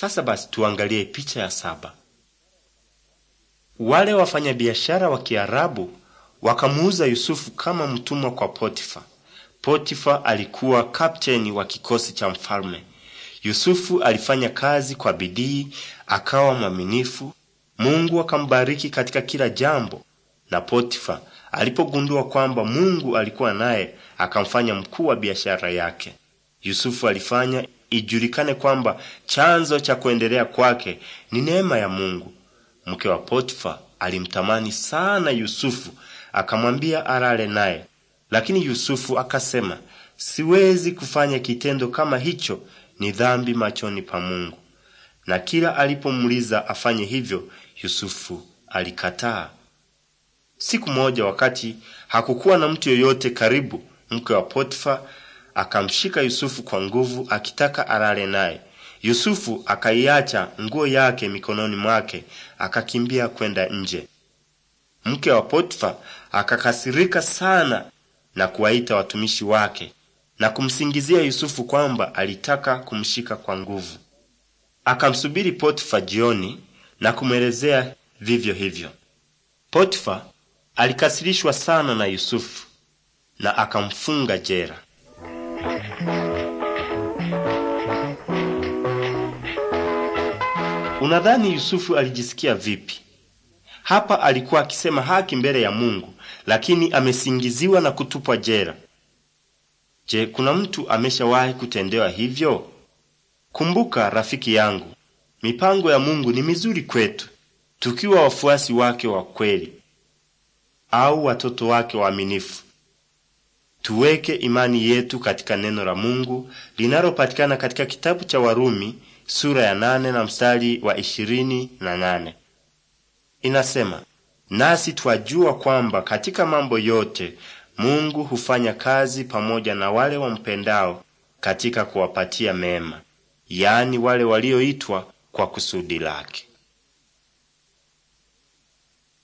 Sasa basi tuangalie picha ya saba. Wale wafanyabiashara wa Kiarabu wakamuuza Yusufu kama mtumwa kwa Potifa. Potifa alikuwa kapteni wa kikosi cha mfalme. Yusufu alifanya kazi kwa bidii, akawa mwaminifu. Mungu akambariki katika kila jambo, na Potifa alipogundua kwamba Mungu alikuwa naye, akamfanya mkuu wa biashara yake. Yusufu alifanya ijulikane kwamba chanzo cha kuendelea kwake ni neema ya Mungu. Mke wa Potifa alimtamani sana Yusufu, akamwambia alale naye, lakini Yusufu akasema, siwezi kufanya kitendo kama hicho, ni dhambi machoni pa Mungu. Na kila alipomuuliza afanye hivyo, Yusufu alikataa. Siku moja, wakati hakukuwa na mtu yoyote karibu, mke wa Potifa akamshika Yusufu kwa nguvu akitaka alale naye. Yusufu akaiacha nguo yake mikononi mwake akakimbia kwenda nje. Mke wa Potifa akakasirika sana na kuwaita watumishi wake na kumsingizia Yusufu kwamba alitaka kumshika kwa nguvu. Akamsubiri Potifa jioni na kumwelezea vivyo hivyo. Potifa alikasirishwa sana na Yusufu na akamfunga jela. Unadhani Yusufu alijisikia vipi? Hapa alikuwa akisema haki mbele ya Mungu, lakini amesingiziwa na kutupwa jela. Je, kuna mtu ameshawahi kutendewa hivyo? Kumbuka rafiki yangu, mipango ya Mungu ni mizuri kwetu tukiwa wafuasi wake wa kweli au watoto wake waaminifu. Tuweke imani yetu katika neno la Mungu linalopatikana katika kitabu cha Warumi sura ya nane na mstari wa ishirini na nane inasema, nasi twajua kwamba katika mambo yote Mungu hufanya kazi pamoja na wale wampendao katika kuwapatia mema, yaani wale walioitwa kwa kusudi lake.